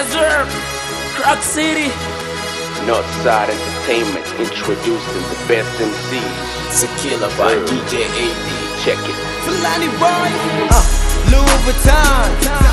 Yes, sir. City. Northside Entertainment introducing the best MCs. killer by DJ AD. Check it. Fulani Boy. Uh, Louis Vuitton.